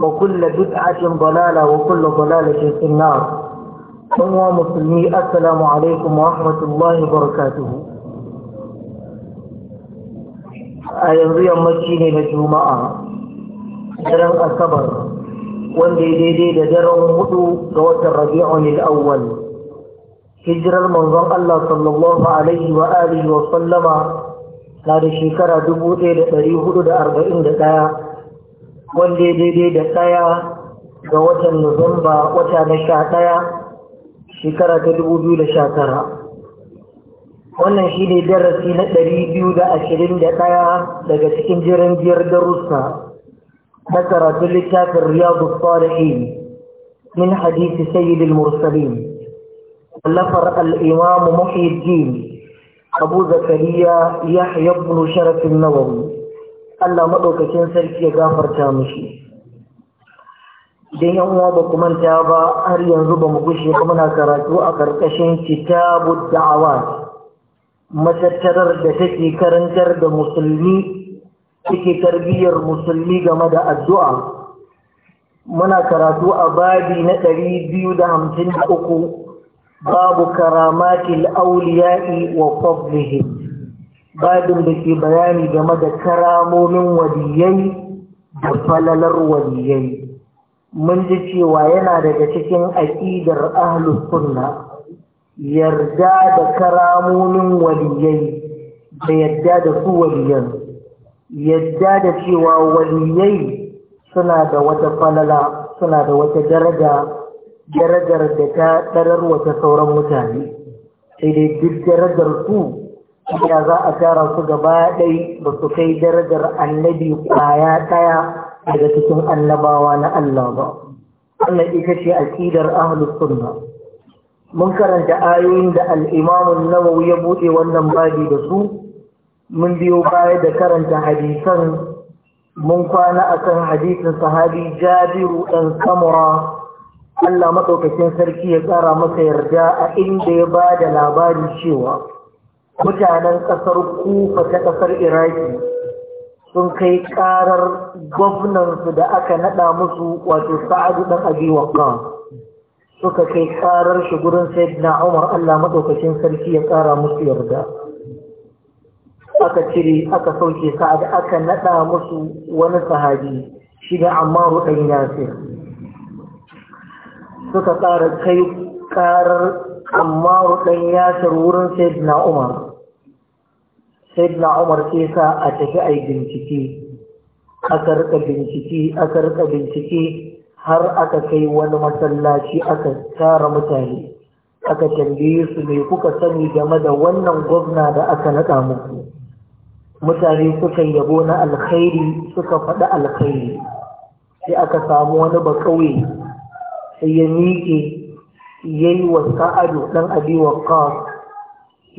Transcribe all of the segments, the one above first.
وكل بدعة ضلالة وكل ضلالة في النار أمو مسلمي السلام عليكم ورحمة الله وبركاته أيضا يمشيني للجمعة درن الصبر والديدي لدرن هدو دوات الربيع الأول هجر المنظر الله صلى الله عليه وآله وسلم لا شكرا دبوتي لتريه هدو دا أربعين دا wanda ya daidai da ɗaya ga watan nuzamba wata na sha daya shekara ta dubu biyu da sha Wannan shi ne darasi na ɗari biyu da ashirin da ɗaya daga cikin jiran biyar rusa na karatun littafin Riyadu Salihin min hadisi Sayyidul Mursalin. Lafar al'imamu jini Abu Zakariya ya haifu Sharafin Nawawi. Allah maɗaukacin sarki ya gafarta mushi idan yan uwa ba ku manta ba har yanzu ba mu gushe ba muna karatu a ƙarƙashin kitabu da'awa matattarar da take karantar da musulmi take tarbiyyar musulmi game da addu'a muna karatu a babi na ɗari biyu da hamsin da uku babu karamatil auliya'i wa fadlihim babin da ke bayani game da karamomin waliyai da falalar waliyai mun ji cewa yana daga cikin aƙidar ahlus sunna yarda da karamomin waliyai da yadda da su waliyan yadda da cewa waliyai suna da wata falala suna da wata daraja darajar da ta ɗarar wata sauran mutane sai dai duk darajar su inda za a tara su gaba ɗai ba su kai darajar annabi kwaya ɗaya daga cikin annabawa na Allah ba. Wannan ita ce aƙidar ahlus sunna. Mun karanta ayoyin da al'imamun nawawi ya buɗe wannan babi da su, mun biyo baya da karanta hadisan mun kwana a kan hadisin sahabi jabiru ɗan samura Allah maɗaukakin sarki ya ƙara masa yarda a inda ya ba da labari cewa mutanen ƙasar kufa ta ƙasar iraki sun kai ƙarar gwamnansu da aka naɗa musu wato sa'adu dan abi wakka suka kai karar shi gurin sai na umar Allah maɗaukacin sarki ya ƙara musu yarda aka cire aka sauke sa'ad aka naɗa musu wani sahabi shi da ammaru ɗan yasir suka kara kai karar ammaru ya yasir wurin sai na umar na umar sai sa a tafi a yi bincike aka rika bincike aka rika bincike har aka kai wani masallaci aka tara mutane aka tambaye su ne kuka sani game da wannan gwamna da aka naɗa muku mutane suka yabo na alkhairi suka faɗi alkhairi sai aka samu wani bakauye sai ya miƙe ya yi wa sa'adu ɗan abi wa ya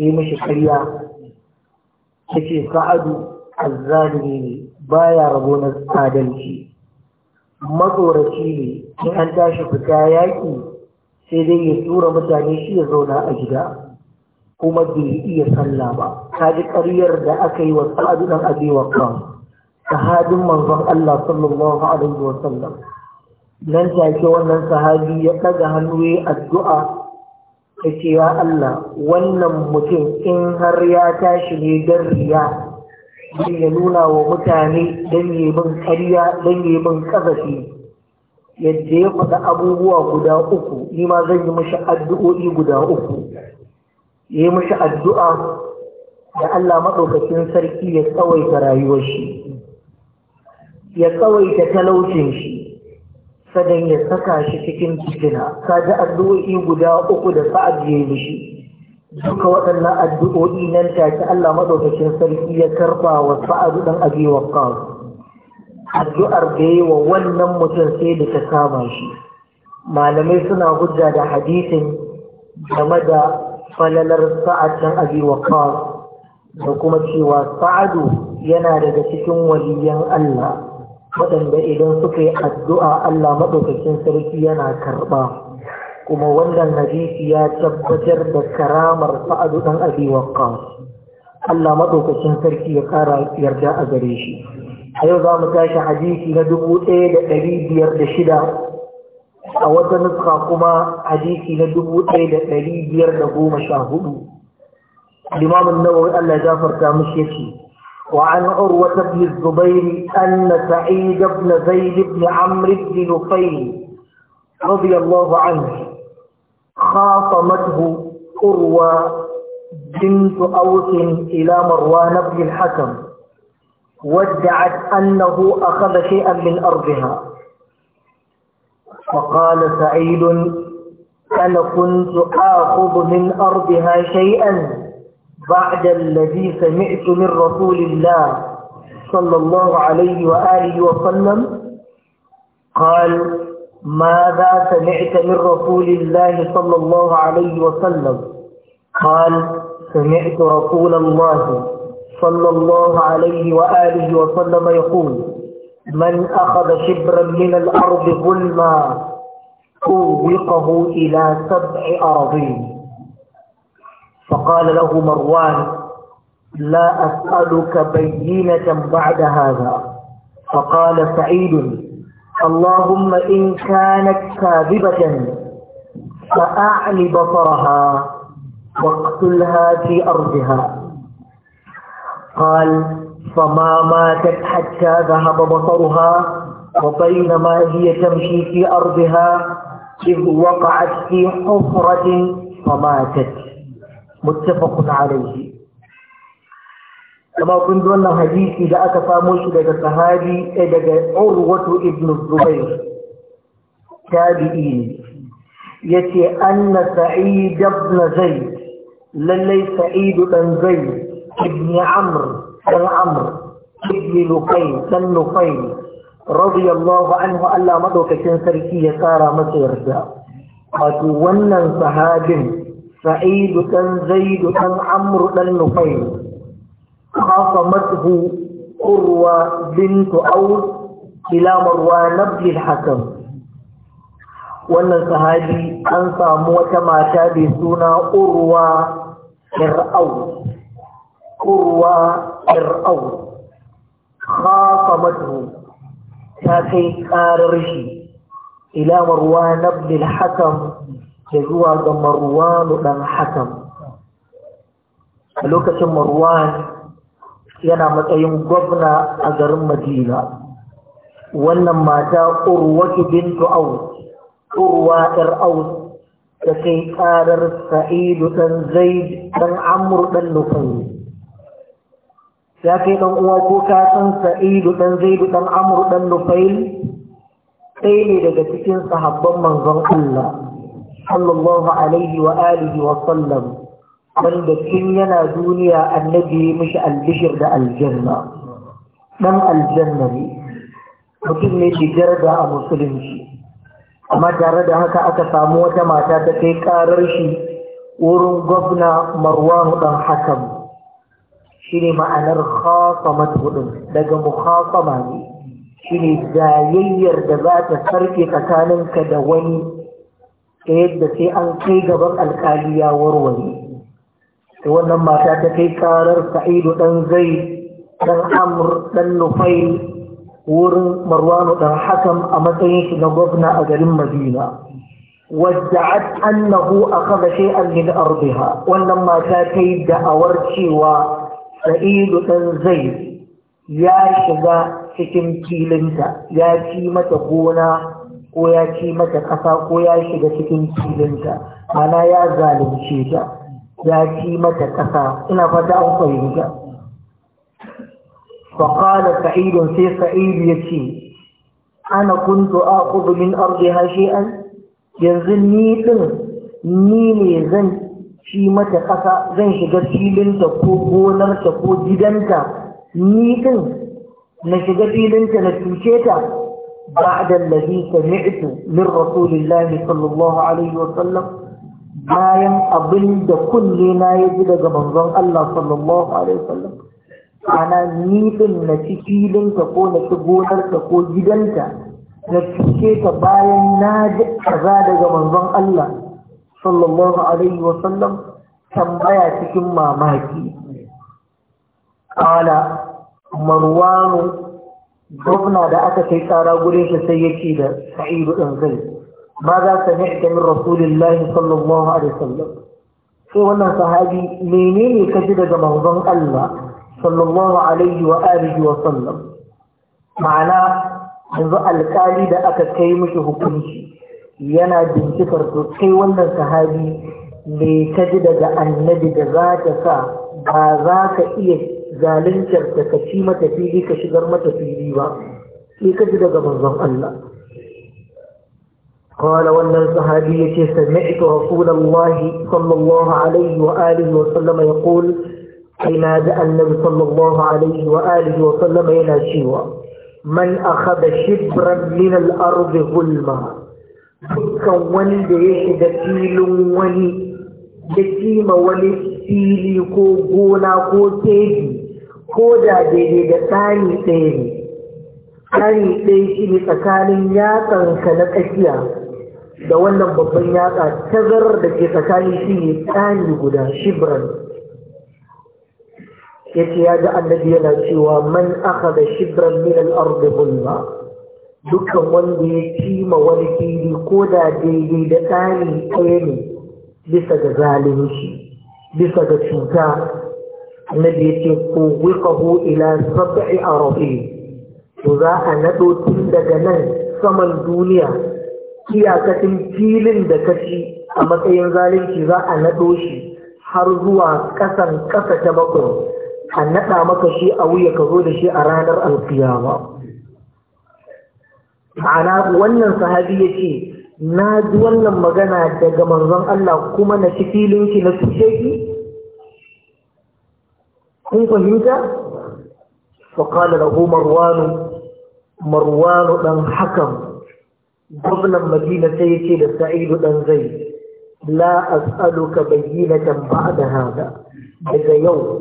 yi mishi karya yake sa'adu azzalimi ne baya rabo na adalci matsoraci ne in an tashi fita yaƙi sai dai ya tura mutane shi ya zauna a gida kuma bai iya sallah ba ta ji ƙaryar da aka yi wa sa'adu ɗan abewa kan sahabin manzon Allah sallallahu alaihi wa sallam nan take wannan sahabi ya ɗaga hannu ya addu'a ta ce ya Allah wannan mutum in har ya tashi ne don riya zai ya nuna wa mutane don yi min karya don yi min kazafi yadda ya faɗa abubuwa guda uku ni ma zan yi mashi addu'o'i guda uku ya yi mashi addu'a da Allah maɗaukacin sarki ya tsawaita rayuwar shi ya tsawaita talaucin shi sadan ya saka shi cikin Ka ji addu'o'i guda uku da sa'ad ya yi mishi. duka waɗannan addu'o'i nan ta ce, Allah maɗaukacin sarki ya karɓa wa sa'ad ɗan abi kawo addu'ar da yi wa wannan mutum sai da ta kama shi malamai suna hujja da hadisin game da falalar sa'ad ɗan abi kawo da kuma cewa sa'adu yana daga cikin waliyan Allah waɗanda idan suka yi addu'a Allah maɗaukakin sarki yana karɓa kuma wannan hadisi ya tabbatar da karamar sa'adu ɗan abi Allah maɗaukakin sarki ya ƙara yarda a gare shi a yau za mu tashi hadisi na dubu ɗaya da ɗari biyar da shida a wata nuska kuma hadisi na dubu ɗaya da ɗari biyar da goma sha hudu limamin nawawi Allah ya gafarta mushi وعن عروة بن الزبير أن سعيد بن زيد بن عمرو بن نفيل رضي الله عنه خاطمته عروة بنت أوس إلى مروان بن الحكم وادعت أنه أخذ شيئا من أرضها فقال سعيد أنا كنت آخذ من أرضها شيئا بعد الذي سمعت من رسول الله صلى الله عليه وآله وسلم قال ماذا سمعت من رسول الله صلى الله عليه وسلم قال سمعت رسول الله صلى الله عليه وآله وسلم يقول من أخذ شبرا من الأرض ظلما أوبقه إلى سبع أراضين فقال له مروان لا أسألك بينة بعد هذا فقال سعيد اللهم إن كانت كاذبة فأعلي بصرها واقتلها في أرضها قال فما ماتت حتى ذهب بصرها وبينما هي تمشي في أرضها إذ وقعت في حفرة فماتت muttafaqun alayhi kama kun ji wannan hadisi da aka samo shi daga sahabi eh, daga urwatu ibn zubair tabi'i ne yace anna sa'id Sa'idu zaid lallai sa'id dan zaid ibn amr dan amr ibn luqay dan luqay radiyallahu anhu Allah madaukakin sarki ya tsara masa yarda wato wannan sahabin sa'idu ɗan zaidu ɗan amru ɗan nufai hafamathu urwa bintu aus ila marwan ibn wannan sahabi an samu wata mata da suna urwa ir'au urwa ir'au hafamathu ta kai karar shi ila marwan da zuwa ga marwanu ɗan hakan lokacin marwan yana matsayin gwamna a garin madina wannan mata urwatu bintu aus urwa ɗar aus da kai ƙarar sa'idu ɗan zaid ɗan amur ɗan nufai ya kai ɗan uwa ko ka san sa'idu ɗan zaidu ɗan amur ɗan nufail sai ne daga cikin sahabban manzon Allah sallallahu alaihi wa alihi wa sallam wanda tun yana duniya annabi mishi albishir da aljanna dan aljanna ne mutum ne shigar da a musulunci amma tare da haka aka samu wata mata ta kai karar shi wurin gwamna marwanu dan hakan shi ne ma'anar khasamat hudun daga ma ne shi ne zayayyar da za ta sarke tsakaninka da wani ta yadda sai an kai gaban alkali ya warware da wannan mata ta kai karar sa'idu Ɗanzai, zai ɗan amur ɗan nufai wurin marwanu ɗan hakan a matsayin shi na gwamna a garin madina wadda'at annahu akhadha shay'an min ardiha wannan mata ta yi da'awar cewa sa'idu ɗan zai ya shiga cikin filinta ya ci mata gona ko ya ci mata ƙasa ko ya shiga cikin filinta mana ya zalunce ta ya ci mata ƙasa ina fata an fahimta faƙala sa'idun sai sa'idu ya ce ana kuntu a min arzi hashe'an yanzu ni ɗin ni ne zan ci mata ƙasa zan shiga filinta ko gonarta ko gidanta ni ɗin na shiga filinta na cuce ta بعد الذي سمعت من رسول الله صلى الله عليه وسلم bayan abin da kulle na ya ji daga manzon Allah sallallahu alaihi wasallam ana nifin na ci filinta ko na ci gonarka ko gidanta na cike ta bayan na ji kaza daga manzon Allah sallallahu alaihi wasallam tambaya cikin mamaki qala marwanu gwamna da aka kai tsara gurin shi sai yake da sa'idu ɗin zai ma za ka ni'ta min rasulillahi sallallahu alaihi wasallam sai wannan sahabi menene ka ji daga manzon Allah sallallahu alaihi wa alihi wa sallam ma'ana yanzu alkali da aka kai mishi hukunci yana bincikar to kai wannan sahabi me ka ji daga annabi da za ta sa ba za ka iya zaluntar da ka ci mata fili ka shigar mata fili ba sai ka ji daga manzon Allah قال وأن صحابية سمعت رسول الله صلى الله عليه وآله وسلم يقول حين دعا النبي صلى الله عليه وآله وسلم إلى شيوى من أخذ شبرا من الأرض Gulma. dukkan wanda ya shiga filin wani ya kima wani fili ko gona ko teji ko da daidai da tsari ɗaya ne tsari ɗaya shi ne tsakanin yatsanka na tsakiya da wannan babban yatsa tazarar da ke tsakanin shi ne tsari guda shibran ya ce ya ga annabi yana cewa man aka da shibran min al'arda gulma dukkan wanda ya ma wani fili ko da daidai da tsari ɗaya ne bisa ga zalunci bisa ga cuta annabi ya ce ko wikahu ila sab'i arabi to za a nado tun daga nan saman duniya iyakacin filin da kashi a matsayin zalunci za a naɗo shi har zuwa ƙasan ƙasa ta bakwai a naɗa maka shi a wuya ka zo da shi a ranar alkiyama ma'ana wannan sahabi ya ce na ji wannan magana daga manzon Allah kuma na ci filin shi na tushe kun fahimta faƙalar abu marwanu Marwano ɗan hakan gwamnan madina sai yake da sa'idu ɗan zai la as'aluka bayyinatan da hada daga yau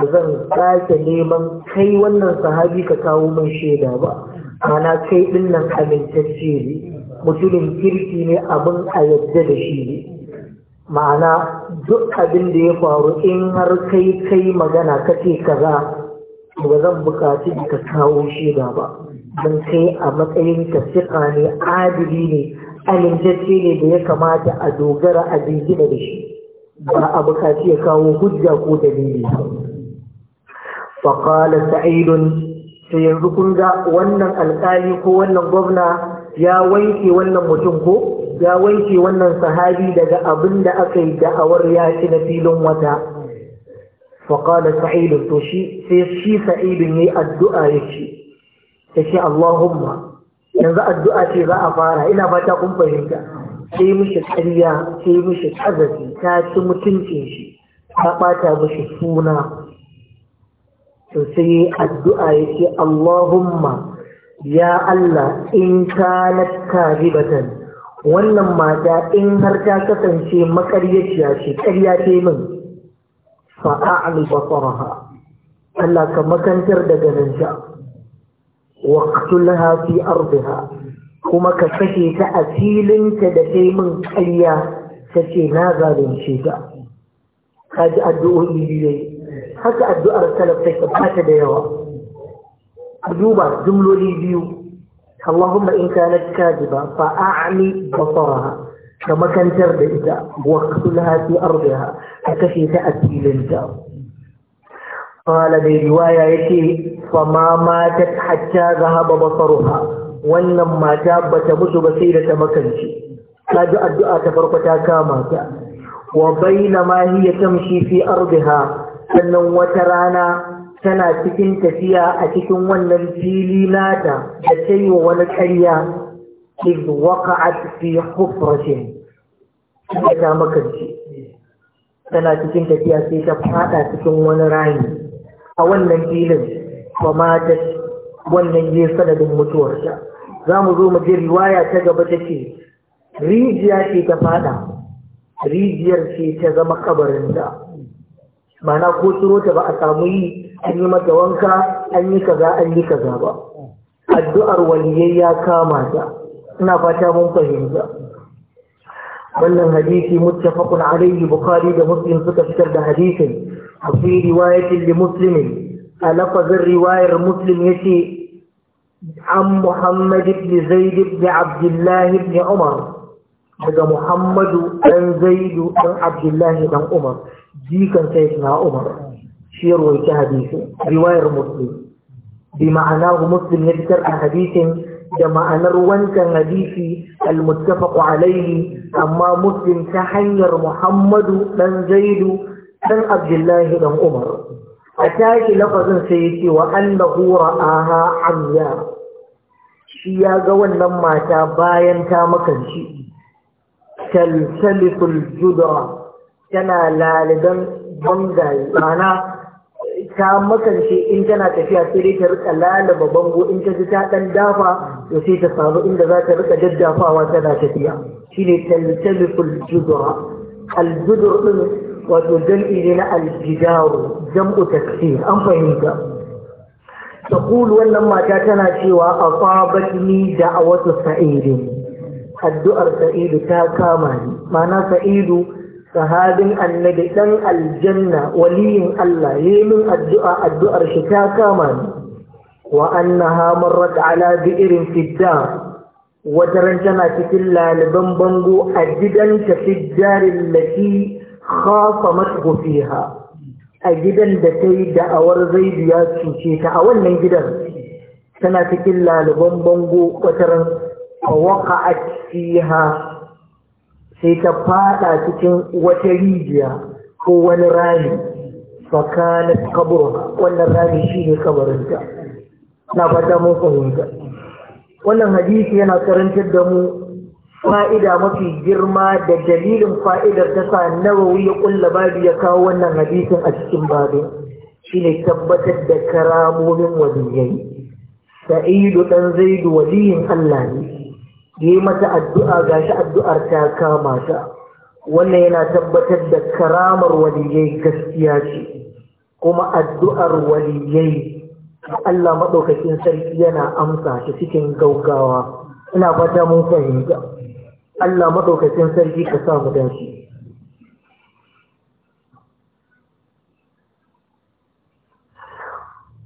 da zan sake neman kai wannan sahabi ka kawo min shaida ba Kana kai ɗinnan amintacce ne mutumin kirki ne abin a yadda da shi ne ma'ana duk abin da ya faru in har kai kai magana kace kaza ba zan bukaci ka kawo da ba don kai a matsayin tafsika ne adili ne amintacce ne da ya kamata a dogara a jirgina da shi ba a bukaci ya kawo hujja ko dalili faƙala sa'idun ta yanzu kun ga wannan alƙali ko wannan gwamna ya wanke wannan mutum ko ya ce wannan sahabi daga abin da aka yi da'awar ya ci na filin wata faƙala sa'idun to shi sai shi sa'idun ya yi addu'a ya ce ya ce Allahumma yanzu addu'a ce za a fara ina fata kun fahimta sai mishi ƙarya sai mishi ƙazafi ta ci mutuncin shi ta ɓata mishi suna to sai addu'a ya ce Allahumma ya Allah in kanat karibatan wannan mata in har ta kasance makaryaciya ce karya ce min fa'a'al basaraha Allah ka makantar da ganinta waqtulha fi ardiha kuma ka kashe ta a filinta da ta min karya ta na zalunce ta ka ji addu'o'i biyu haka addu'ar salaf take ba ta da yawa duba jumloli biyu اللهم إن كانت كاذبة فأعمي بصرها كما كان ترد إذا واقتلها في أرضها فكفي تأتي للجار قال برواية يتي فما ماتت حتى ذهب بصرها ولما ما تابت مش بصيرة مكنشي كاد الدعاء تفرقتا كاماتا وبينما هي تمشي في أرضها sannan wata rana tana cikin tafiya a cikin wannan fili nata da ta yi wa wani karya iz a fi hufratin ta ta makarci tana cikin tafiya sai ta fada cikin wani rayu a wannan filin ba ma ta wannan yi sanadin mutuwarta za mu zo mu ji riwaya ta gaba ta ce rijiya ce ta fada rijiyar ce ta zama kabarinta mana ko turo ta ba a samu yi an yi mata wanka an yi kaza an yi kaza ba addu'ar waliyai ya kama ta ina fata mun fahimta wannan hadisi muttafaqun alayhi bukhari da muslim suka fitar da hadisin a fi riwayatin li a lafazin riwayar muslim yace عن محمد بن زيد بن عبد الله بن عمر هذا محمد بن زيد بن عبد الله بن عمر دي كان shi ya rawaita hadisin riwayar muslim bi ma'ana muslim ya fitar a hadisin da ma'anar wancan hadisi al-muttafaq alayhi amma muslim ta hanyar muhammadu dan zaidu dan abdullahi dan umar a tashi lafazin sai ya ce wa annahu ra'aha amya shi ya ga wannan mata bayan ta makanci talsalisul judra tana laligan bangaye mana ta makance in tana tafiya sai dai ta rika lalaba bango in ta ji ta dan dafa to sai ta samu inda za ta rika daddafawa tana tafiya shine taltaliful judra aljudur din wato jam'i ne na aljidaru jam'u taksir an fahimta تقول wannan mata tana cewa a wasu sa'id addu'ar Sa'idu ta kama ni ma'ana sa'idu sahabin annabi dan aljanna waliyin Allah yi min addu'a addu'ar shi ta kama ni wa annaha marrat ala irin fidda wata tana cikin laliban bango a gidanta fiddarin lati khafa mathu fiha a gidan da ta yi da'awar zaidu ya cuce ta a wannan gidan tana cikin laliban bango wata ran a waqa'at ha. sai ta fada cikin wata rijiya ko wani rami tsakanin kabur wannan rami shine kabarinta na fata mun fahimta wannan hadisi yana karantar da mu fa'ida mafi girma da dalilin fa'idar ta sa nawawi ya ƙulla babu ya kawo wannan hadisin a cikin Shi shine tabbatar da karamomin waliyai sa'idu dan zaidu waliyin Allah ne yi mata addu'a gashi addu'ar ta kama ta wannan yana tabbatar da karamar waliyai gaskiya ce kuma addu'ar waliyai Allah maɗaukakin sarki yana amsa ta cikin gaugawa ina fata mun fahimta Allah maɗaukakin sarki ka samu don shi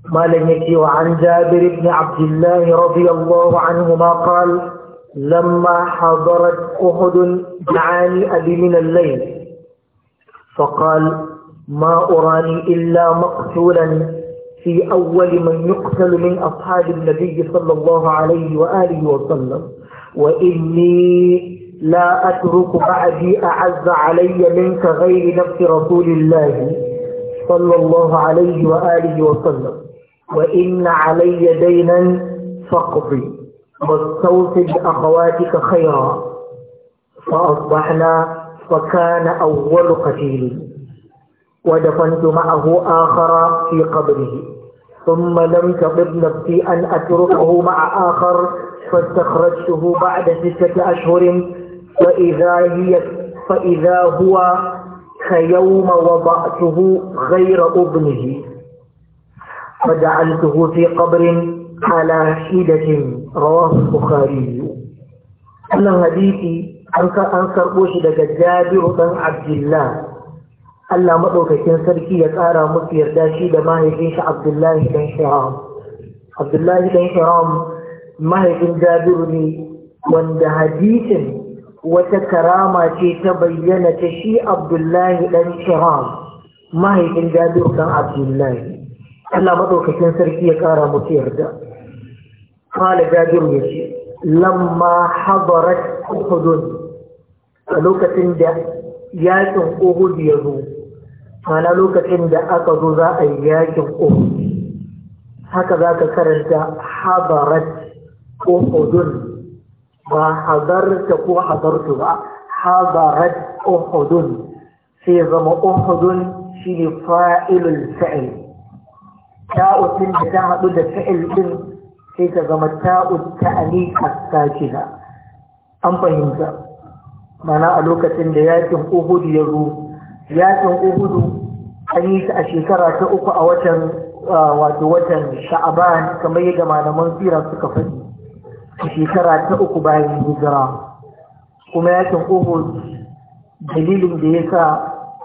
malam yake wa an jabir ibn abdullahi radiyallahu anhu ma qala لما حضرت أحد دعاني أبي من الليل فقال ما أراني إلا مقتولا في أول من يقتل من أصحاب النبي صلى الله عليه وآله وسلم وإني لا أترك بعدي أعز علي منك غير نفس رسول الله صلى الله عليه وآله وسلم وإن علي دينا فاقضي واستوصل اخواتك خيرا فأصبحنا فكان أول قتيل ودفنت معه آخر في قبره ثم لم تضب نفسي أن أتركه مع آخر فاستخرجته بعد ستة أشهر فإذا, هي فإذا هو كيوم وضعته غير أبنه فجعلته في قبر على حدة رواه البخاري أن حديثي an karɓo shi daga jabiru ɗan abdullah Allah maɗaukakin sarki ya ƙara musu yarda shi da mahaifin abdullahi ɗan shiram abdullahi ɗan shiram mahaifin jabiru ne wanda hadisin wata karama ce ta bayyana ta shi abdullahi ɗan shiram mahaifin jabiru ɗan abdullahi Allah maɗaukakin sarki ya ƙara musu yarda قال جابر يشي لما حضرت أحد لوكة دا ياكم أهد يزو أنا لوكة دا أكذو ذا أي ياكم أهد هكذا كرنت حضرت أحد ما حضرت كو حضرت بقى حضرت أحد في ضم أحد في فاعل الفعل تاء تنجد تهدد فعل sai ta zama ta'ud ta'ali as an fahimta mana a lokacin da yakin uhudu ya zo yakin uhudu an yi ta a shekara ta uku a watan wato watan sha'aban kamar yadda malaman tsira suka faɗi a shekara ta uku bayan hijira kuma yakin uhud dalilin da ya sa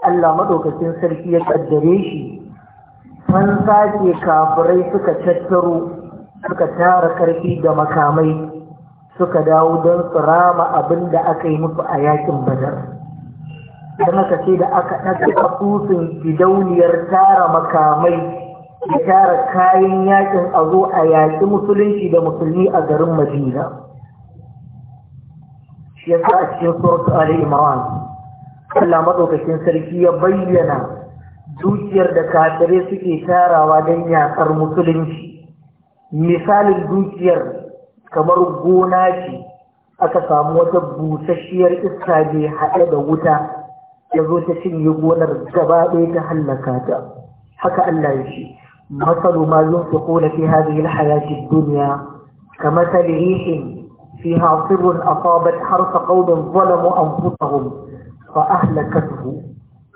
Allah maɗaukacin sarki ya ƙaddare shi fansa ke kafirai suka tattaro suka tara karfi da makamai suka dawo don su rama abin da aka yi musu a yakin badar don aka ce da aka ɗaga ƙasusun gidauniyar tara makamai da tara kayan yakin a zo a yaƙi musulunci da musulmi a garin madina shi ya sa a cikin surat ali imran Allah maɗaukakin sarki ya bayyana dukiyar da kafirai suke tarawa don yaƙar musulunci misalin dukiyar kamar gona ce aka samu wata busasshiyar iska ne haɗe da wuta ya zo ta cinye gonar gaba ɗaya ta hallaka ta haka Allah ya ce masalu ma yunfiquna fi hadhihi al-hayati ad-dunya kamathali rihin fiha sirrun asabat harsa qaumin zalamu anfusahum fa ahlakatuhu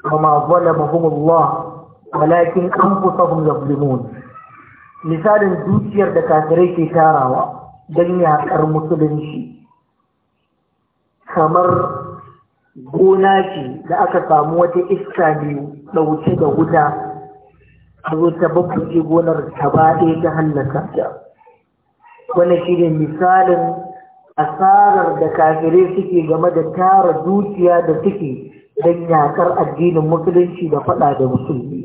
وما ظلمهم الله ولكن أنفسهم يظلمون misalin dukiyar da kafirai ke tarawa don yaƙar musulunci kamar gona ce da aka samu wata iska ne ɗauke da wuta a zo ta ce gonar ta baɗe ta hallaka ta wani shi ne misalin asarar da kafirai suke game da tara dukiya da suke don yaƙar addinin musulunci da faɗa da musulmi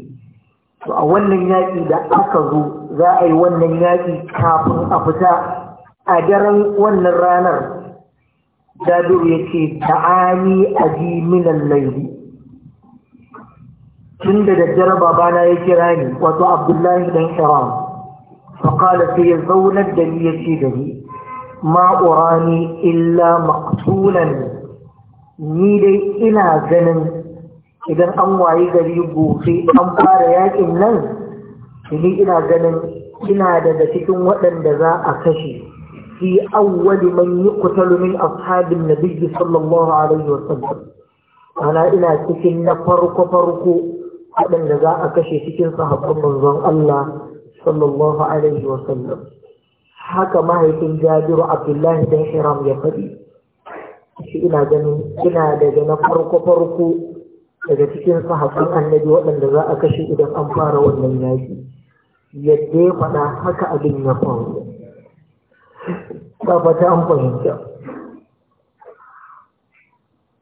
to a wannan yaƙi da aka zo za a yi wannan yaƙi kafin a fita a daren wannan ranar jabiru ya ce ta'ani a ji minan laili tun da daddare babana ya kira ni wato abdullahi dan iran faƙala sai ya zaunar da ni ya ce da ni ma'urani illa maktulan ni dai ina ganin idan an wayi gari gobe an fara yakin nan ni ina ganin ina daga cikin waɗanda za a kashe fi awwali man yuqtalu min ashabin nabiyyi sallallahu alaihi wasallam ana ina cikin na farko farko waɗanda za a kashe cikin sahabban manzon Allah sallallahu alaihi wasallam haka mahaifin jabiru abdullahi dan hiram ya faɗi shi ina ganin ina daga na farko farko daga cikin sahafin annabi waɗanda za a kashe idan an fara wannan yaƙi yadda ya faɗa haka abin ya faru tabbata an fahimta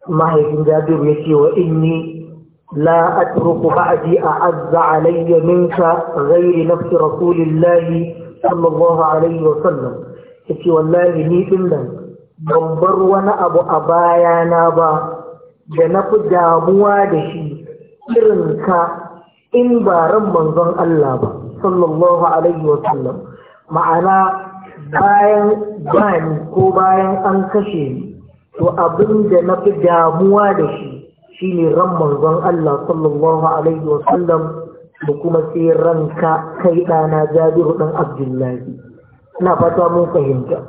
mahaifin jabir ya ce wa inni la atruku ba'di a azza alayya minka ghairi nafsi rasulillahi sallallahu alaihi wa sallam yace wallahi ni din nan ban bar wani abu a baya na ba da na fi damuwa da shi irin ka in ba ran manzon Allah ba sallallahu alaihi wa sallam ma'ana bayan bani ko bayan an kashe ni to abin da na fi damuwa da shi shine ran manzon Allah sallallahu alaihi wa sallam da kuma sai ranka kai ɗana jabiru ɗan abdullahi ina fata mun fahimta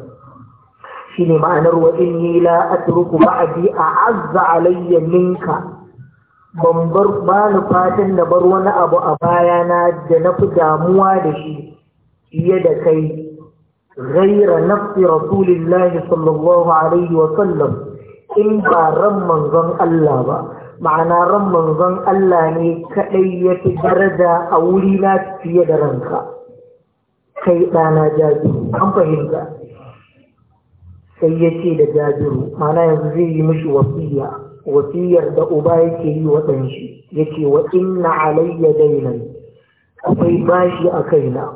shine ma'anar wa inni la atruku ba'di a'azza alayya minka ban bar ba ni fatan na bar wani abu a baya na da na fi damuwa da shi fiye da kai ghaira nafsi rasulillahi sallallahu alaihi wa sallam in ba ran manzon Allah ba ma'ana ran manzon Allah ne kadai ya fi daraja a wuri na fiye da ranka kai ɗana jaji an fahimta sai ya ce da jajiru mana yanzu zai yi mishi wasiya wasiyar da uba yake yi wa ɗanshi ya yake wa inna alayya dainan akwai bashi a kaina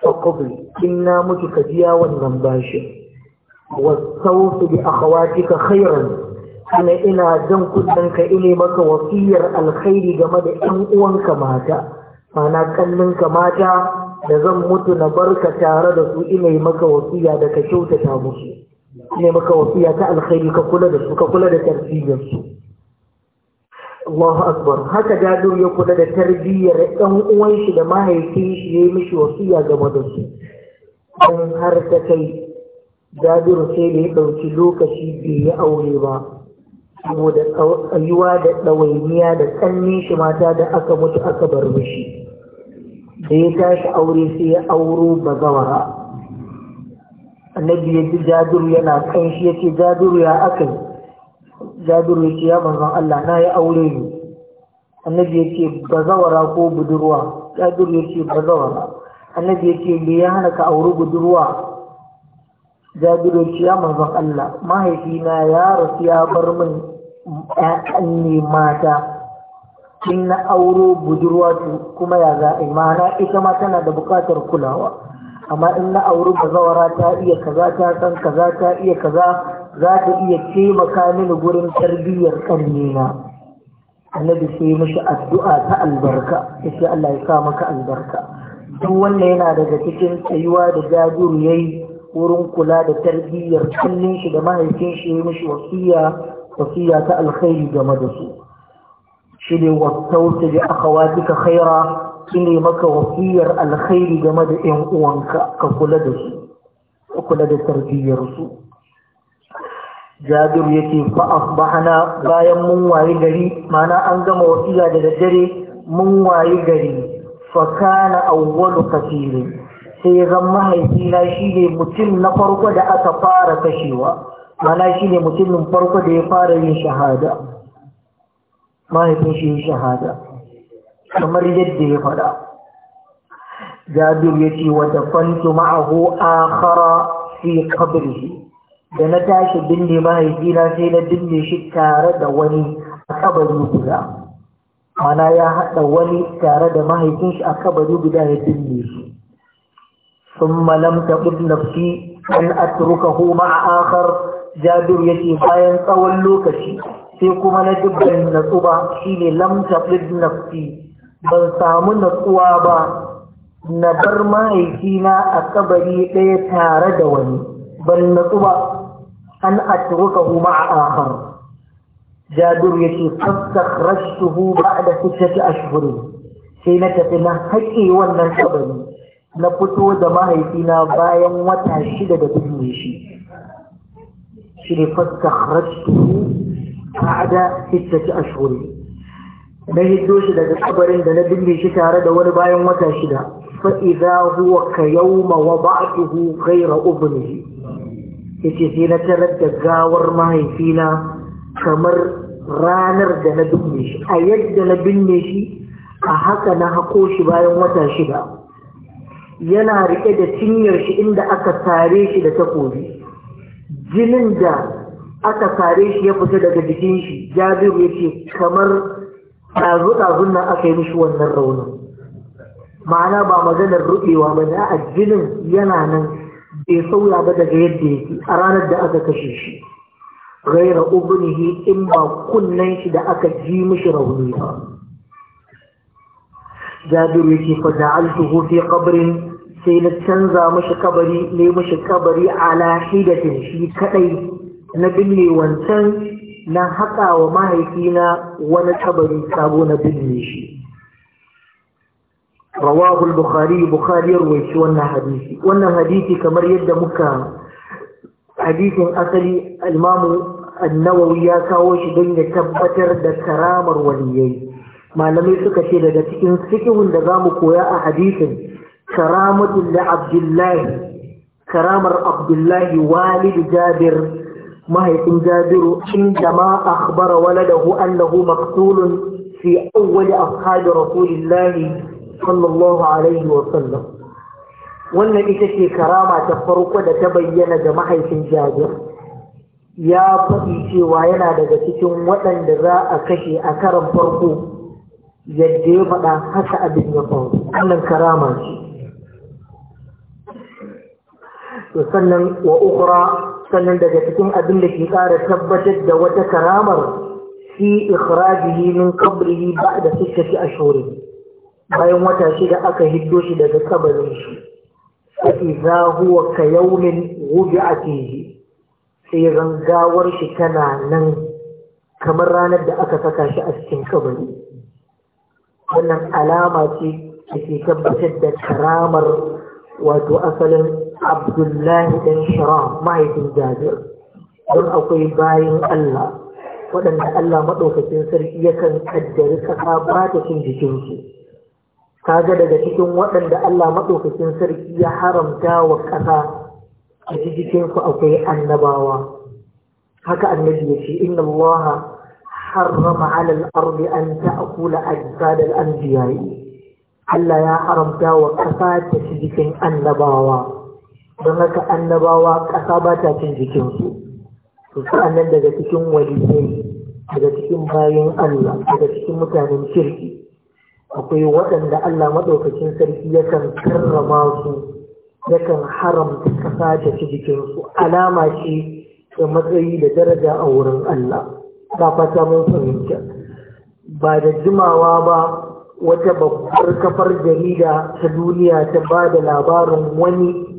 fakobi in na mutu ka biya wannan bashin wasautu bi akhawatika khairan ana ina jan ka ine maka wasiyar alkhairi game da 'yan uwanka mata mana ka mata da zan mutu na barka tare da su ina maka wasiya da ka kyautata musu ne maka wasiya ta alkhairi ka kula da su ka kula da tarbiyyar su Allahu akbar haka jado ya kula da tarbiyyar ɗan uwan shi da mahaifinshi shi yayi mishi wasiya game da su dan har ta kai jadiru sai da ya ɗauki lokaci bai yi aure ba saboda tsayuwa da ɗawainiya da tsannin shi mata da aka mutu aka bar mishi da ya tashi aure sai ya auro bazawara annabi ya ji jabiru yana kan shi ya ce jabiru ya aka yi jabiru ya ce ya manzon Allah na yi aure ne annabi ya ce bazawara ko budurwa jabiru ya ce bazawara annabi ya ce me ya hana ka auri budurwa jabiru ya ce ya manzon Allah mahaifina ya rasu ya bar min ƴaƴan ne mata kin na auro budurwa kuma ya za'a ma'ana ita ma tana da buƙatar kulawa amma in na auri bazawara ta iya kaza ta san kaza ta iya kaza za ta iya taimaka mini gurin tarbiyyar ƙannena annabi sai mishi addu'a ta albarka ce Allah ya sa maka albarka duk wanda yana daga cikin tsayuwa da jajiru yayi wurin kula da tarbiyyar kallon shi da mahaifin shi ya mishi wasiya wasiya ta alkhairi game da su shi ne wasauta bi akhawatika khaira shine maka wasiyar alkhairi game da 'yan uwanka ka kula da su ka kula da tarbiyyar su jabir yake fa asbahana bayan mun wayi gari mana an gama wasiya da daddare mun wayi gari fa kana awwalu kafirin sai ya zama na shi ne mutum na farko da aka fara kashewa mana shi ne mutumin farko da ya fara yin shahada mahaifin shi shahada kamar yadda ya faɗa. jabir ya ce wata kwanci ma'ahu a kara fi kabirhi da na tashi binne mahaifina sai na binne shi tare da wani a kabari guda mana ya haɗa wani tare da mahaifin shi a kabari guda ya binne shi sun malam taɓi nafsi an atruka huma a akar jabir ya ce bayan tsawon lokaci sai kuma na dubban natsuba shine shi ne ban samu natsuwa ba na bar mahaifina a kabari ɗaya tare da wani ban natsu ba an turuka huma a ahar jabir yake fassar rashuhu ba da a ashhurin sai na tafi na haƙe wannan kabari na fito da mahaifina bayan wata shida da fitowe shi shi ne fassar rashuhu ba da a ashhurin na hiddo shi daga kabarin da na binne shi tare da wani bayan wata shida fa idza huwa ka yawma ba'dahu ghayra ubnihi yace sai na tarar da gawar mahaifina kamar ranar da na binne shi a yadda na binne shi a haka na hako shi bayan wata shida yana rike da cinyar shi inda aka tare shi da takobi jinin da aka tare shi ya fita daga jikin shi jabiru yace kamar ɗazu-ɗazun nan aka yi mishi wannan raunin ma'ana ba maganar ruɓewa ba da addinin yana nan bai sauya ba daga yadda yake a ranar da aka kashe shi gaira ubunihi in ba kunnen shi da aka ji mishi rauni ba jabiru yake fa da'altuhu fi qabrin sai na canza mishi kabari ne mashi kabari ala da shi kadai na binne wancan na haƙa wa mahaifina wani tabari sabo na binne shi Rawahul bukhari bukhari wannan hadisi wannan hadisi kamar yadda muka hadisin asali al annawawi nawawi ya kawo shi don ya tabbatar da karamar waliyai malamai suka ce daga cikin sikihun da zamu koya a hadisin karamatul li abdullahi karamar abdullahi walid jabir mahaifin jabiru inda ma akhbara waladahu annahu maqtulun fi awwali ashabi rasulillahi sallallahu alaihi wa sallam wannan ita ce karama ta farko da ta bayyana ga mahaifin jabir ya faɗi cewa yana daga cikin waɗanda za a kashe a karan farko yadda ya faɗa haka abin ya faru wannan karama ce sannan wa ukra sannan daga cikin abin da ke ƙara tabbatar da wata karamar fi ikhrajihi min qabrihi ba'da sittati ashhur bayan wata shida aka hiddo shi daga kabarin shi fa idza huwa ka yawmin wudi'atihi sai ran shi tana nan kamar ranar da aka saka shi a cikin kabari wannan alama ce da ke tabbatar da karamar wato asalin abdullahi ɗan Sharaf, mahaifin jabir don akwai bayan allah waɗanda allah maɗaukacin sarki yakan kaddari ƙasa ba ta cin jikinsu kaga daga cikin waɗanda allah maɗaukacin sarki ya haramta wa ƙasa a jikinsu akwai annabawa haka annabi ya ce inna allaha حرم على الأرض أن تأكل Allah ya haramta wa ƙasa ta كفاة jikin annabawa. don haka annabawa ƙasa ba ta cin jikinsu su annan daga cikin waliyai daga cikin bayan Allah daga cikin mutanen kirki akwai waɗanda Allah maɗaukacin sarki yakan karrama su yakan haramta ƙasa ta ci jikinsu alama ce da matsayi da daraja a wurin Allah ba fata mun fahimta ba da jimawa ba wata babbar kafar jarida ta duniya ta ba da labarin wani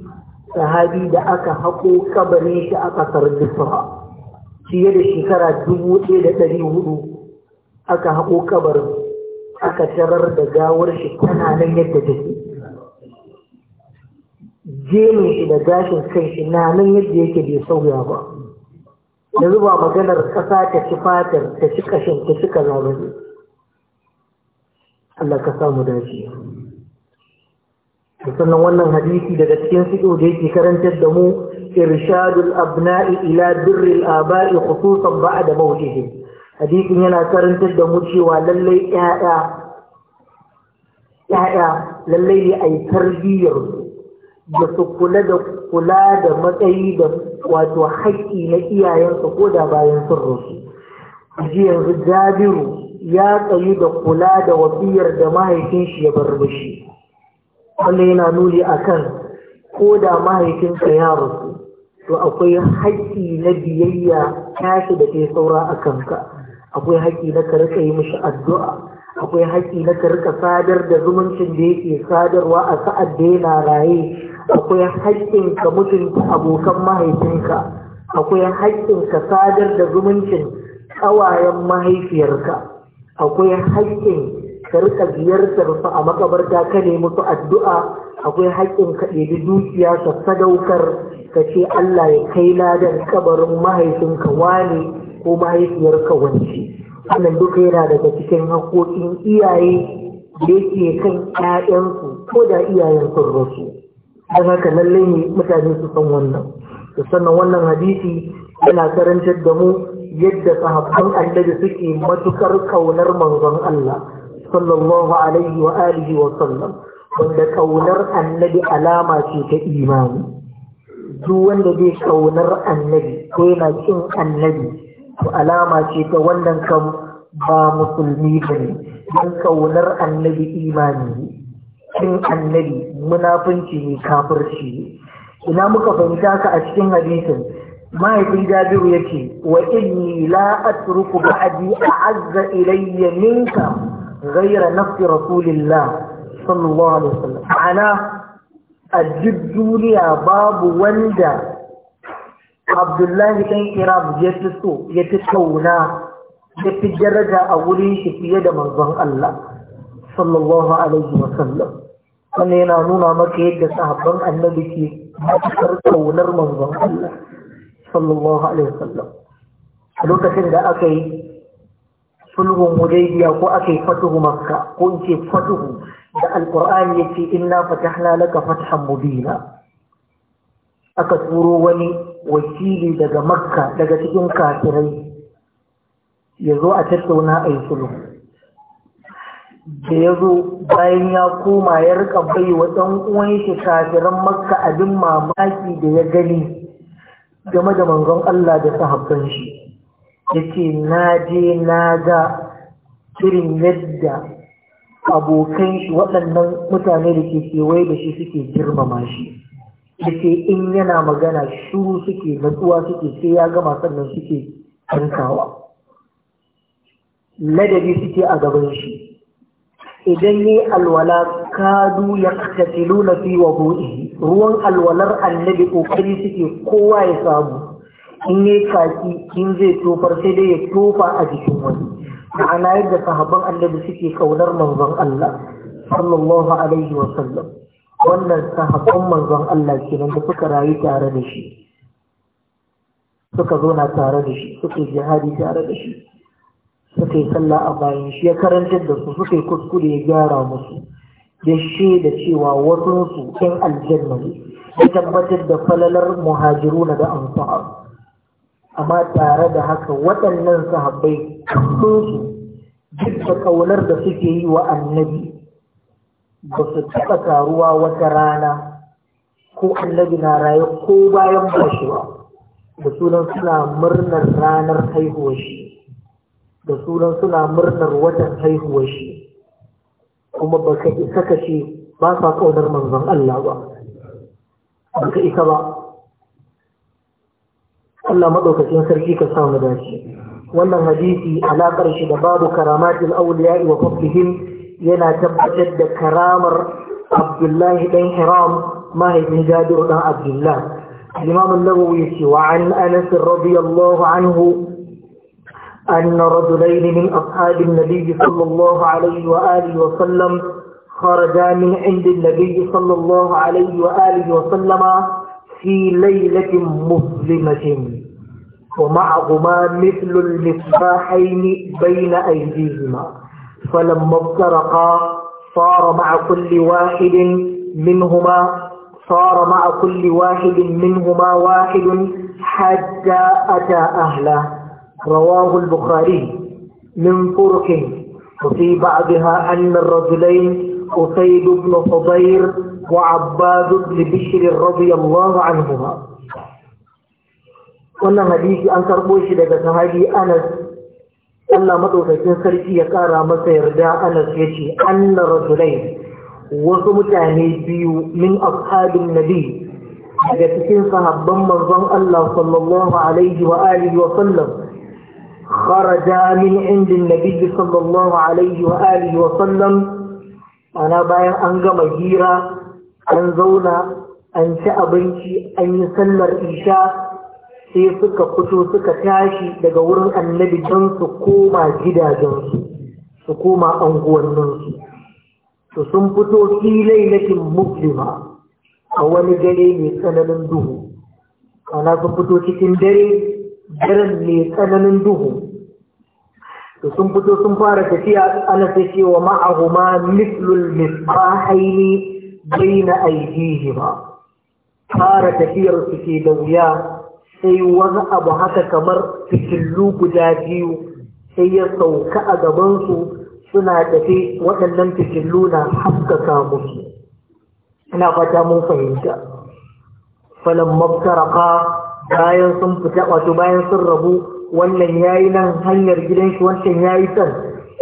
sahabi da aka haƙo kabarin shi a ƙasar Misra fiye da shekara dubu ɗaya da ɗari hudu aka haƙo kabarin aka tarar da gawar shi tana nan yadda take jemi shi da gashin kai shi na nan yadda yake bai sauya ba yanzu ba maganar kasa ta ci fatar ta ci kashin ta ci kaza ba Allah ka samu dace. sannan wannan hadisi daga cikin fiƙo da yake karantar da mu irshadul abna'i ila birril aba'i khususan ba'da mawtihim hadisin yana karantar da mu cewa lallai 'ya'ya ƴaƴa lallai ne ai tarbiyyar da su kula da kula da matsayi da wato haƙƙi na iyayensu ko da bayan sun rasu ji yanzu jabiru ya tsayi da kula da wasiyar da mahaifin shi ya bar mishi wanda yana nuni kan ko da mahaifinka ya rasu to akwai haƙƙi na biyayya tashi da ke saura a kanka akwai haƙƙi na ka yi mishi addu'a akwai haƙƙi na ka sadar da zumuncin da yake sadarwa a sa'ad da yana raye akwai haƙƙin ka mutunta abokan mahaifinka akwai haƙƙin ka sadar da zumuncin ƙawayen mahaifiyarka akwai haƙƙin ka rika ziyartar su a makabarta ka nemi su addu'a akwai haƙƙin ka ɗebi dukiya ka sadaukar ka ce Allah ya kai ladan kabarin mahaifinka wane ko mahaifiyarka wance wannan duka yana daga cikin haƙoƙin iyaye da yake kan ƴaƴansu ko da iyayen sun rasu don haka lallai ne mutane su san wannan sannan wannan hadisi yana karantar da mu yadda sahabban annabi suke matukar kaunar manzon Allah sallallahu alaihi wa alihi wa sallam wanda kaunar annabi alama ce ta imani duk wanda bai kaunar annabi ko yana cin annabi to alama ce ta wannan kan ba musulmi bane don kaunar annabi imani ne annabi munafunci ne kafirci ne ina muka fahimta ka a cikin hadisin mahaifin jabiru ya ce wa inni la atruku a azza ilayya minka غير نفس رسول الله صلى الله عليه وسلم معناه الجد دنيا باب وندا عبد الله بن كرام يتسو يتسونا يتجرد أولي شفية منظر الله صلى الله عليه وسلم أنا yana nuna maka yadda sahabban annabi ke matakar kaunar manzon Allah sallallahu alaihi wasallam a lokacin da aka yi sulhun hudaybiya ko aka yi fatuhu makka ko in ce fatuhu da alqur'ani yace inna fatahna laka fathan mubina aka turo wani wakili daga makka daga cikin kafirai ya zo a tattauna a yi sulhu da ya zo bayan ya koma ya rika bai wa ɗan uwan shi kafiran makka abin mamaki da ya gani game da manzon Allah da sahabban shi ya ce na je na ga irin yadda abokan shi waɗannan mutane da ke kewaye da shi suke girmama shi ya ce in yana magana shuru suke matsuwa suke sai ya gama sannan suke hankawa. ladabi suke a gaban shi idan yi alwala kadu ya katilu na fi wa ruwan alwalar annabi ƙoƙari suke kowa ya samu in yi kaki in zai tofar sai dai ya tofa a jikin wani ma'ana yadda sahabban annabi suke kaunar manzon Allah sallallahu alaihi wa sallam wannan sahabban manzon Allah kenan da suka rayu tare da shi suka zauna tare da shi suka jihadi tare da shi suka yi sallah a bayan shi ya karantar da su suka yi kuskure ya gyara musu ya shaida cewa wasu su ɗan aljanna ne ya tabbatar da falalar muhajiruna da amfani. amma tare da haka waɗannan sahabbai su duk da ƙaunar da suke yi wa annabi ba su taɓa taruwa wata rana ko annabi na raye ko bayan bashewa da sunan suna murnar ranar haihuwar shi da sunan suna murnar watan haihuwar shi kuma ba ka isa ka ce ba sa ƙaunar manzon Allah ba ba ka isa ba Allah maɗaukacin sarki ka samu dace wannan hadisi alaƙar shi da babu karamatin auliya wa fafihim yana tabbatar da karamar abdullahi ɗan hiram mahaifin jabir ɗan abdullah imam an-nawawi yace wa an anas radiyallahu anhu أن رجلين من أصحاب النبي صلى الله عليه وآله وسلم خرجا من عند النبي صلى الله عليه وآله وسلم في ليلة مظلمة ومعهما مثل المصباحين بين أيديهما فلما افترقا صار مع كل واحد منهما صار مع كل واحد منهما واحد حتى أتى أهله رواه البخاري من فرق وفي بعضها أن الرجلين أسيد بن صدير وعباد بن بشر رضي الله عنهما wannan hadisi an karɓo shi daga sahabi anas Allah maɗaukakin sarki ya ƙara masa yarda anas ya ce anna wasu mutane biyu min ashabin nabi daga cikin sahabban manzon Allah sallallahu alaihi wa alihi wa sallam خرجا من عند النبي an الله عليه وآله وسلم أنا باين أنجم هيرا أن زونا أن sai suka fito suka tashi daga wurin annabi don su koma gidajensu su koma anguwanninsu su sun fito filai lakin muslima a wani gare mai tsananin duhu ana sun fito cikin dare daren mai tsananin duhu to sun fito sun fara tafiya ana ta cewa bai mislul misbahaini bayna ba fara tafiyar su ke da wuya sai wani abu haka kamar fitillu guda biyu sai ya sauka a gabansu suna tafe waɗannan fitillu na haskaka musu ina fata mun fahimta falon mafsaraka bayan sun fita wato bayan sun rabu wannan yayi nan hanyar gidan shi wancan yayi san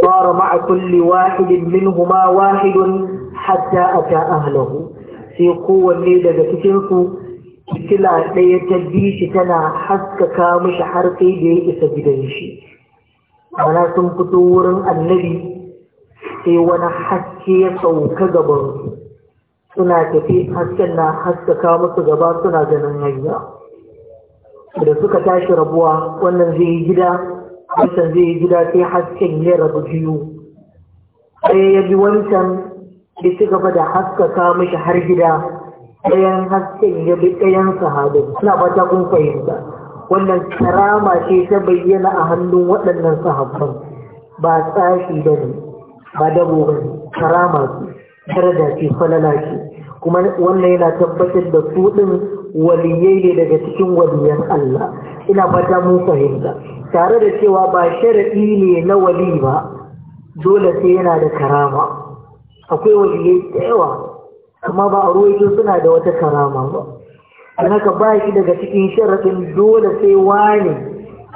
fara ma'a kulli wahidin minhuma wahidun hatta ata ahlahu sai kowanne daga cikin su fitila ɗaya ta Bishi tana haskaka mishi har sai da ya isa gidan shi ana sun fito wurin annabi sai wani haske ya sauka gaban suna tafi hasken na haskaka musu gaba suna ganin hanya da suka tashi rabuwa wannan zai yi gida wancan zai yi gida sai hasken ya rabu biyu ɗaya ya bi wancan ya ci gaba da haskaka mishi har gida ɗayan hasken ya bi ɗayan sahabin suna fata kun fahimta wannan karama ce ta bayyana a hannun waɗannan sahabban ba tsashi ba ne ba dabo ba ne karama ce daraja ce falala ce kuma wannan yana tabbatar da su ɗin waliyai ne daga cikin waliyan Allah ina fata mun fahimta tare da cewa ba sharaɗi ne na wali ba dole sai yana da karama akwai waliyai da yawa amma ba a ruwaito suna da wata karama ba don haka ba ki daga cikin sharafin dole sai wane.